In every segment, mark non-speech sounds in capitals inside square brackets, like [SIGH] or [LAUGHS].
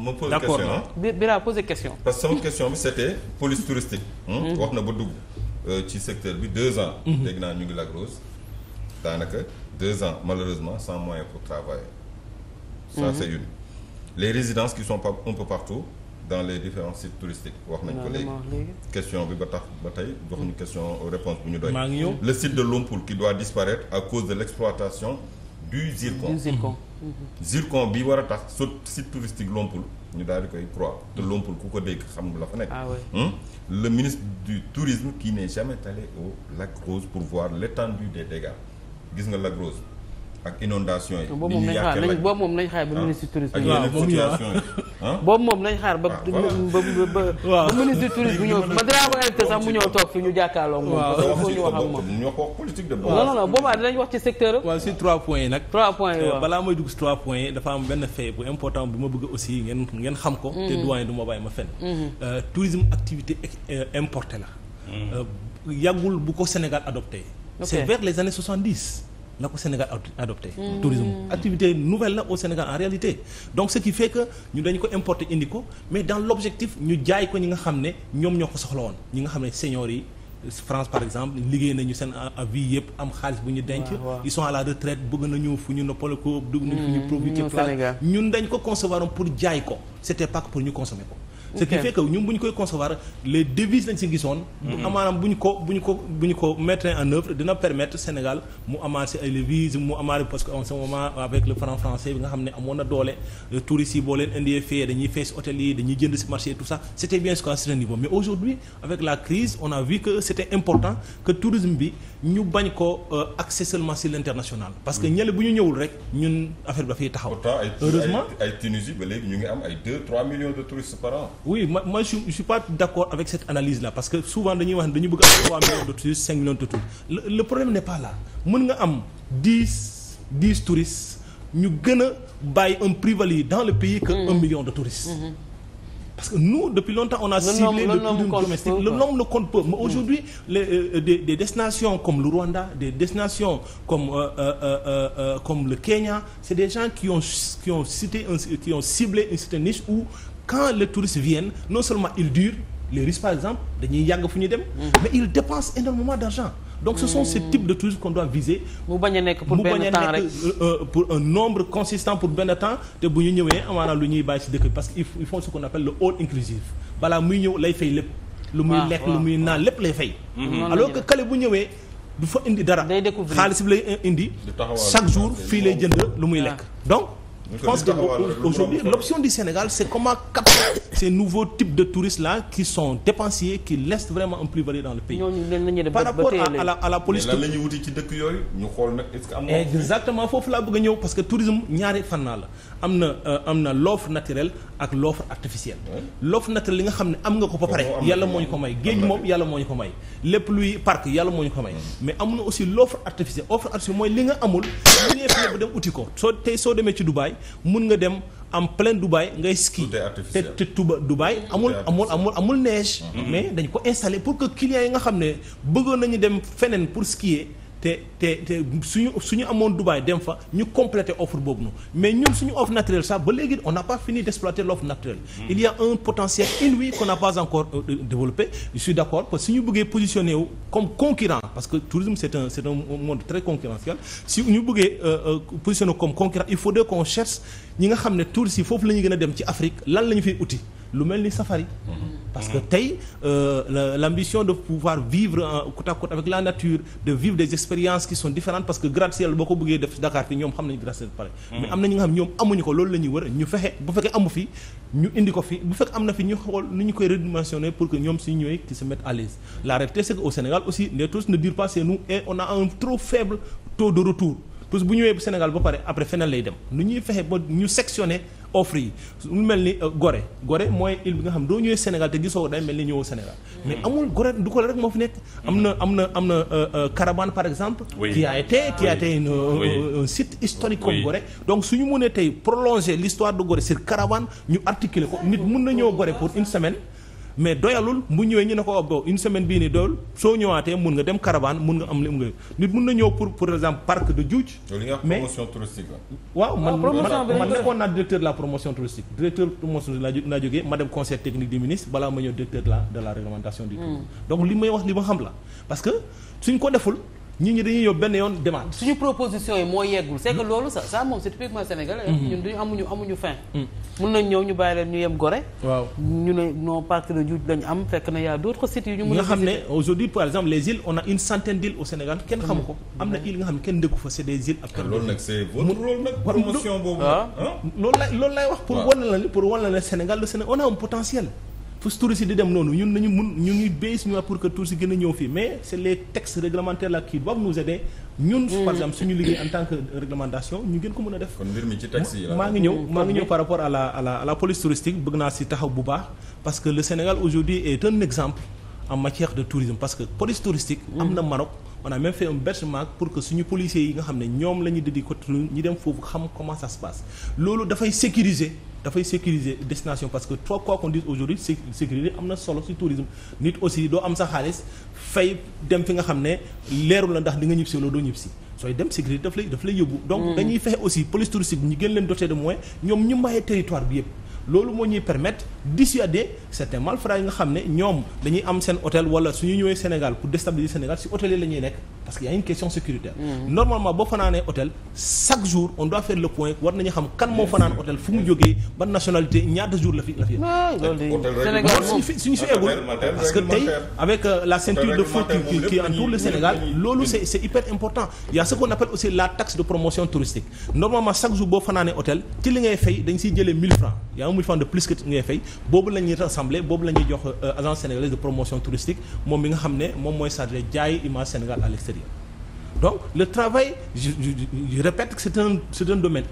ma pose question d'accord Bira pose question. parce que sama question bi c'était [LAUGHS] police touristique. Hmm? Hmm. wax na ba dugg euh, ci secteur bi deux ans. Hmm. dégg naa ñu ngi Lac Rose daanaka deux ans malheureusement sans moyen pour travailler. ça c'est une les résidences qui sont un peu partout dans les différents sites touristiques wax nañ ko léegi question bi ba tax ba tey joxuñu question réponse bu ñu doy. le site de Lompoul qui doit disparaître à cause de l'exploitation du zircon. du zircon. Mm-hmm. zircon bi war a tax sot site touristique Lompoul ñu daal di koy croire te Lompoul ku ko dégg xam nga la fa nekk. Ah hmm? le ministre du tourisme qui n'est jamais allé au Lac Rose pour voir l'étendue des dégâts gis nga Lac Rose. ak inondation yi. boobu moom nañ ah, ah. xaar boobu moom nañ xaar ba ministre tourisme. moom nañ xaar ba ba ministre mu ñëw toog ñu jàkkaarloo moom. waaw ñu wax ak wax politique de non non non boobaa dinañ wax ci secteur waaw si trois points euh, am benn fait important bu ma bëgg aussi ngeen ngeen xam ko. Mm-hmm. te doyen du ma bàyyi ma fenn. Mm-hmm. Euh, tourisme activité euh, importée la. Mm-hmm. yàggul bu ko Sénégal adopté. c'est vers les années 70 la ko Sénégal adopté mm. tourisme activité nouvelle la au Sénégal en réalité donc ce qui fait ñu dañu ko importer indi ko mais dans l'objectif ñu jaay ko ñi nga xam ne ñoom ñoo ko soxla woon ñi nga xam ne seniors yi France par exemple liggéey nañu seen avis yëpp am xaalis bu ñu denc ils sont à la retraite bëgg nañu fu ñu noppal ko dugg nañu fu ñu mm, profiter place ñun dañ ko concevoir pour jaay ko c'était pas pour ñu consommer ko ce qui fait que ñun bu ñu koy concevoir les devises lañ si gisoon bu mm-hmm. amaanaam bu ko bu ko bu ko mettre en œuvre dina permettre Sénégal mu amaat si ay devises mu amaat parce que en ce moment avec le franc français bi nga xam ne amoon na doole touristes yi boo leen indee fee dañuy fee si hôtel yi dañuy jënd mais aujourd'hui avec la crise on a vu que c' important que tourisme bi ñu bañ ko euh, accès seulement si l' parce que mm-hmm. ñële bu ñu ñëwul rek ñun affaire ñu ngi oui ma moi je suis pas d'accord avec cette analyse là parce que souvent dañuy wax ne dañu bëgg am 3 millions de touristes le problème n'est pas là mën nga am 10 10 touristes ñu gën a bàyyi un prix-valide dans le pays que un mmh. million de touristes mmh. parce que nous depuis longtemps on a ciblé le tourisme domestique nombre ne compte peu mmh. aujourd'hui euh, euh, des, destinations comme le Rwanda des destinations comme euh, comme le Kenya c'est des gens qui ont qui ont cité un qui niche où quand les touristes viennent non seulement ils durent les Russes par exemple dañuy yàgg fu ñu dem. Mm-hmm. mais ils dépensent énormément d'argent. donc ce sont ces mm. types de touristes qu'on doit viser. mu bañ a nekk pour benn temps rek euh, euh, un nombre consistant pour benn temps te bu ñu ñëwee amaana lu ñuy bàyyi ci dëkk bi parce que ils font ce qu'on appelle le all inclusive balaa muy ñëw lay fay lépp. lu muy lekk lu muy naan lépp lay fay. Mm-hmm. Mm-hmm. alors que kale bu ñëwee du fa indi dara. xaalis bi lay euh, indi. fii lay jënd lu muy lekk ah. je pense que aujourd'hui l'option du Sénégal c'est comment capter ces nouveaux types de touristes là qui sont dépensiers qui laissent vraiment un plus-value dans le pays par rapport à la à la la ñuy wuti ci dëkk yooyu ñu xool nag exactement foofu laa bëgg a ñëw parce que tourisme ñaari fànn la am na euh, am na l'offre naturelle ak l'offre artificielle l'offre nag li nga xam ne am nga ko ba pare yàlla moo ñu ko may géej moom yàlla moo ñu ko may lépp luy parc yàlla moo ñu ko may mm. mais am na aussi l'offre artificielle offre artificielle mooy li nga amul li ngay fexe ba dem uti ko soo tey soo demee ci Dubaï mun nga dem en plein Dubaï ngay ski te te Touba Dubaï amul amul amul amul neige mm-hmm. mais dañ ko installé pour que clients yi nga xam ne bëggoon nañu dem feneen pour skier te te te suñu ñu amoon Dubaï dem fa ñu compléter offre boobu noonu mais ñun suñu offre naturelle sax ba léegi on n'a pas fini d'exploiter l'offre naturelle hmm. il y a un potentiel inouï qu'on n'a pas encore euh, développé je suis d'accord parce que si ñu bëggee positionner wu comme concurrent parce que tourisme c'est un c'est un monde très concurrentiel si ñu bëggee euh, euh, positionner comme concurrent il faut qu'on cherche ñi nga xam ne touristes yi foofu la ñuy gën a dem ci Afrique lan la ñu uti lu mel ni safari mm-hmm. parce que tey euh, l'ambition de pouvoir vivre en côte à côte avec la nature de vivre des expériences qui sont différentes parce que gratte-ciel boo ko bëggee def Dakar fi ñoom xam nañu gratte-ciel pare mm-hmm. mais am na ñi nga xam ñoom amuñu ko loolu la ñuy wër ñu fexe bu fekkee amu fi ñu indi ko fi bu fekk am na fi ñu xool ni ñu koy redimensionner pour que ñoom si ñëwee qui se mettent à l'aise la réalité c'est que au Sénégal aussi les touristes Sénégal ba pare après feneen lay dem ñuy fexe ba ñu sectionner offre yi lu mel ni euh, gore gore mooy il bi nga xam doo ñëwee Sénégal te gisoo day mel ni ñëwoo Sénégal mais hmm. amul Gorée du ko rek moo fi nekk am na am na am na euh, euh, Caravane par exemple qui a été te a été un site historique comme Gorée donc suñu mënee tey prolonger l'histoire de Gorée sur Caravane ñu articuler ko nit mën na ñëw Gorée pour une semaine mais doyalul bu ñëwee ñu ne ko bo une semaine bii nii doyul soo ñëwaatee mun nga dem caravane mun nga am nit mun na ñëw pour par exemple parc de Djoudj. mais promotion touristique waaw man ah, man nekkoon naa directeur de la promotion touristique directeur promotion la naa jógee ma dem conseil technique du ministre balaa ma ñëw directeur de la de la réglementation hmm. donc li may wax li ma xam la parce que suñ ko deful nit ñi dañuy yóbbu benn yoon demande. suñu proposition yi moo yeggul c'est que loolu sax ça moom c'est typiquement sénégalais. Mm-hmm. ñun duñu amuñu amuñu fin. Mm. mun nañ ñëw ñu bàyyi leen ñu yem Gorée. waaw ñu ne non parc de Djoudj lañ am fekk na y a d'autres sites yu ñu. mën a nga xam ne aujourd'hui par exemple les îles on a une centaine d'îles au Sénégal kenn xamu ko. am na île nga xam ne kenn dëkku fa c'est des îles. ak ah, kenn loolu nag c'est votre rôle nag. promotion boobu ah. loolu lay wax. pour ah. wan Sénégal le Sénégal on fu touristes yi di dem noonu ñun nañu mun ñu ngi base ñu pour que touristes yi gën a ñëw fii mais c' est mm. exemple suñu liggéey en tant que réglementation ñu gën ko mën a def kon mbir mi ci maa ngi ñëw mm. maa ngi ñëw mm. par rapport à la à la police touristique bëgg naa si taxaw bu baax parce que le Sénégal aujourd'hui est un exemple en matière de tourisme parce que police touristique am na Maroc on a même fait un benchmark pour que suñu policiers yi nga xam ne ñoom la ñu dédi ko ñu dem foofu xam comment ça se passe loolu dafay sécuriser destination parce que trois quoi qu'on dise aujourd'hui sécurité am na solo ci tourisme nit aussi doo am sa xaalis fay dem fi nga xam ne leerul la ndax di nga ñibbisi walla doo ñibbisi sooy dem sécurité daf lay daf lay yóbbu donc hmm. dañuy fexe aussi police touristique ñu gën leen doté de moyens ñoom ñu mbayee territoire bi yëpp loolu moo ñuy permettre dissuader certains malfrats yi nga xam ne ñoom dañuy am seen hôtel su suñu ñëwee Sénégal pour déstabiliser Sénégal si hôtel yi la ñuy nekk parce mm. normalement boo fanaanee hôtel chaque jour on doit faire le point war nañu xam kan moo fanaan hôtel fu mu jógee ban nationalité ñaata jour la fi la fi. Ah, loolu fi suñu fi eggul parce que tey avec euh, la ceinture de feu qui qui entoure le Sénégal loolu c'est hyper important il y a ce aussi la taxe de promotion touristique normalement chaque jour boo fanaanee hôtel ci li ngay fay dañ siy jëlee 1000 francs y a francs de plus que ngay fay boobu donc le travail je, je, je répète que c'est un c'est un domaine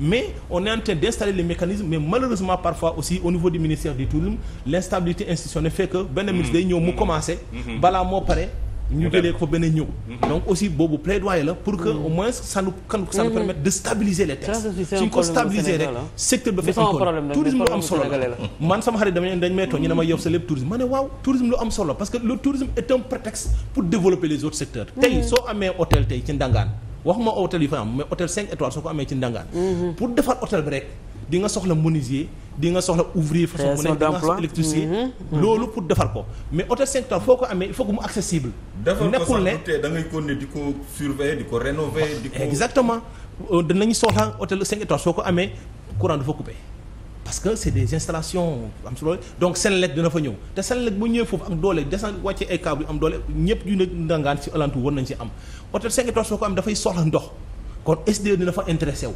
mais on est en train d'installer les mécanismes mais malheureusement parfois aussi au niveau du ministère du tourisme l'instabilité institutionnelle fait que benn ministre day ñëw mu commencer mm-hmm. balaa moo pare ñu jëlee ko fa beneen ñëw. Mhm. donc aussi boobu plaidoyer la pour que mhm. au moins ça nous ça nous mhm. permette de stabiliser les textes. suñ ko stabiliser rek secteur bi dafay école ñu ne ma sa lépp tourisme ma ne waaw tourisme lu am solo parce que le tourisme est un prétexte pour développer les autres secteurs. tey soo amee hôtel tey ci Ndangaan waxuma hôtel yu fa mais hôtel 5 étoiles soo ko amee ci Ndangaan. pour defar hôtel bi rek di nga soxla menuisier. di nga soxla ouvrier façon bu nekk da mhm. mhm. loolu pour defar ko mais hôtel 5 étoiles foo amee il faut que mu accessible nekkul ne di ko surveiller di ko rénover di ko exactement euh, danañ soxla hôtel 5 étoiles soo ko amee courant dafa coupé parce que c'est des installations am solo donc Senelec dina fa ñëw te Senelec bu ñëwee foofu ak doole descend wàcce ay câble am doole ñëpp ñu ne ndangaan ci alentour war nañ ci am hôtel 5 étoiles soo ko amee dafay soxla ndox kon SDE dina fa intéressé wu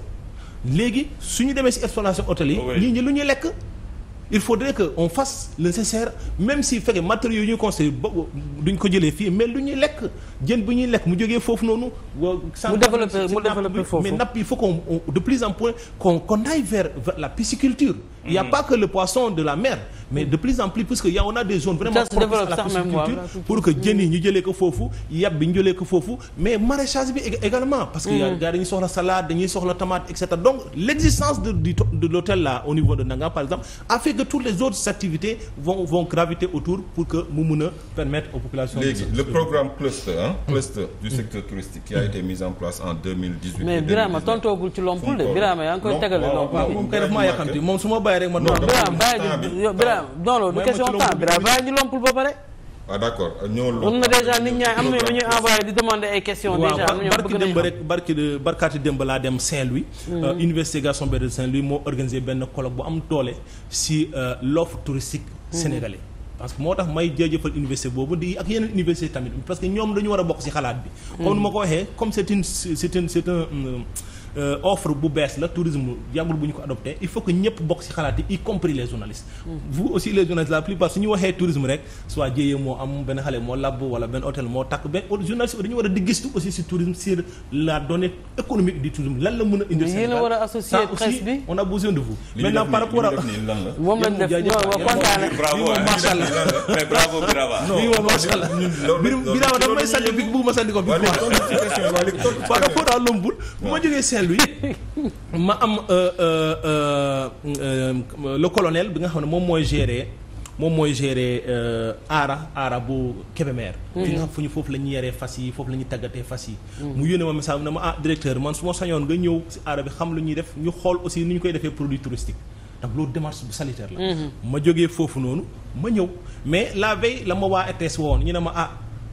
léegi su ñu demee si exploitation hôtel yi. ñii ñi lu ñuy lekk. il faudrait que on fasse le nécessaire même si fekkee matériaux yi ñuy conseillé boobu duñ ko jëlee fii mais lu ñuy lekk jën bu ñuy lekk mu jógee foofu noonu. mu développé mu développé foofu mais napp il faut qu'on de plus en plus qu'on qu'on la pisciculture. il mm. pas que le poisson de la mer. mais de plus en plus parce que a on a des zones vraiment propices à la pisciculture pour que jën yi mm. ñu jëlee ko foofu yàpp bi ñu jëlee ko foofu mais maraîchage bi également. parce que y a mm. gars dañuy que toutes les autres activités vont vont graviter autour pour que mu mën a permettre aux populations. léegi mm. mm. secteur touristique qui a été mis en place en mais Birama tontoogul ci lompul de Birama yaa ngi koy tegale lompul. moom kay ma bàyyi rek ma. non Birama question temps Birama bàyyi ñu lompul ba pare. ah d'accord ñëwal woon na déjà nit ñaa am na ñu envoyé di demander ay question déjà am na ñoo bëgg nañu rek barkaati démb laa dem Saint-Louis. Hmm. Université euh, Gaston Berger de Saint-Louis moo organisé benn colloque bu am toole si euh, l'offre touristique hmm. sénégalaise. parce que moo tax may jëjëfal université boobu di ak yeneen université tamit parce que ñoom dañu war a bokk si xalaat bi. Hmm. comme nu ma ko waxee comme c'est une c'est euh, Euh, offre bu bees la tourisme yàggul bu ñu ko adopté il faut que ñëpp bokk ci xalaat yi y compris les journalistes mm. vous aussi les journalistes la plupart su ñu waxee tourisme rek soit jéyee moo am benn xale moo làbb wala benn hôtel moo takk benn journaliste dañu war a di gistu aussi ci tourisme sur la donnée économique du tourisme a indi Sénégal ça aussi on Saint-Louis ma am euh, euh, euh, le colonel bi nga xam ne moom mooy gérer moom mooy gérer aara aara bu Kébémer mm-hmm. fi nga xam fu ñu foofu la ñuy fas yi foofu la ñuy tàggatee fas yi mm-hmm. mu yónnee ma message ne ma ah directeur man su ma sañoon nga ñëw si aara bi xam lu ñuy def ñu xool aussi ni ñu koy defee produit touristique ndax loolu démarche bu sanitaire la mm-hmm. ma jógee foofu noonu ma ñëw mais la veille la ma waa ETS woon ñu ne ma ah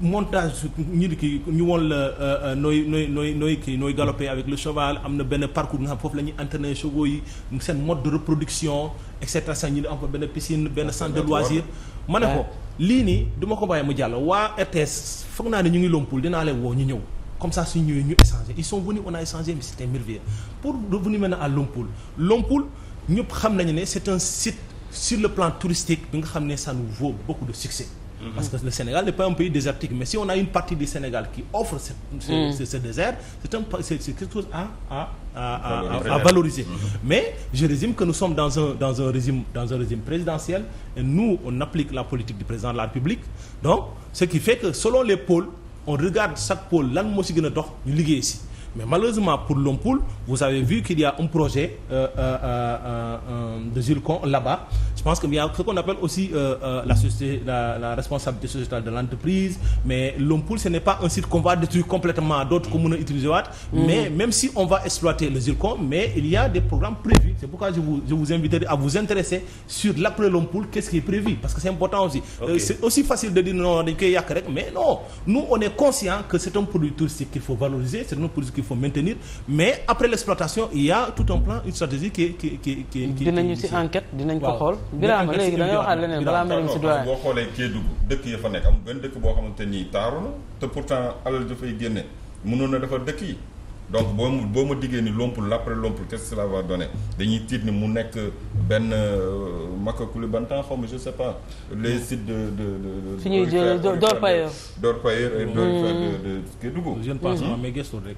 montage ñu di kii ñu woon la euh, euh, nooy nooy nooy nooy kii nooy galopé avec le cheval am na benn parcours nga xam la ñuy entraîner seen mode de reproduction et cetera sax ñu di am fa benn piscine benn centre de loisir ma ne ko lii nii du ma ko bàyyi mu jàll waa RTS foog naa ne ñu ngi lompul dinaa leen woo ñu ñëw comme ça suñu ñëwee ñu échanger ils sont venus on a échangé mais c'était merveilleux pour revenir maintenant à Lompoul Lompoul ñëpp xam nañu ne c'est un site sur le plan touristique bi nga xam ne ça nous vaut beaucoup de succès Mhm. Parce que le Sénégal n'est pas un pays désertique. Mais si on a une partie du Sénégal qui offre ce, ce, mhm. ce, ce désert, c'est quelque chose à, à, à, valoriser. Mhm. Mais je résume que nous sommes dans un, dans un, régime, dans un régime présidentiel. Et nous, on applique la politique du président de la République. Donc, ce qui fait que selon les pôles, on regarde chaque pôle, lan moo ci gën a dox ñu liggéey ci mais malheureusement pour Lompoul vous avez vu qu'il y a un projet euh, euh, euh, euh, euh de Zircon je pense qu'il y a ce qu'on appelle aussi euh, euh, la, société, la, la, responsabilité sociétale de l'entreprise, mais l'ompoule, ce n'est pas un site qu'on va détruire complètement, d'autres qu'on utiliser. Mm. Mais même si on va exploiter le zircon, mais il y a des programmes prévus. C'est pourquoi je vous, inviterai à vous intéresser sur l'après l'ompoule, qu'est-ce qui est prévu, parce que c'est important aussi. Euh, c'est aussi facile de dire non, mais non, que il y a tout un plan, une stratégie qui est... Qui, qui, qui, qui, qui, qui, qui, qui, Birama léegi da ngay waxaat leneen balaa ma dem si doyen boo xoolee Kédougou dëkk ya fa nekk amul benn dëkk boo xamante ni taaru na te pourtant alal dafay génne mënoon na defar dëkk yi donc boo mu boo ma diggee ni lompul l'après lompul qu'est-ce donner dañuy tiit ni mu nekk benn euh, makakuli bantan xaw ma je sais pas les mm. sites de de de. fi ñuy jël d'orpailleurs d'orpailleurs et mm. de Kédougou. je ne pense mm. pas mais gëstu rek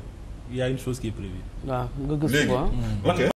y a une chose qui est prévue. waaw nga gëstu quoi.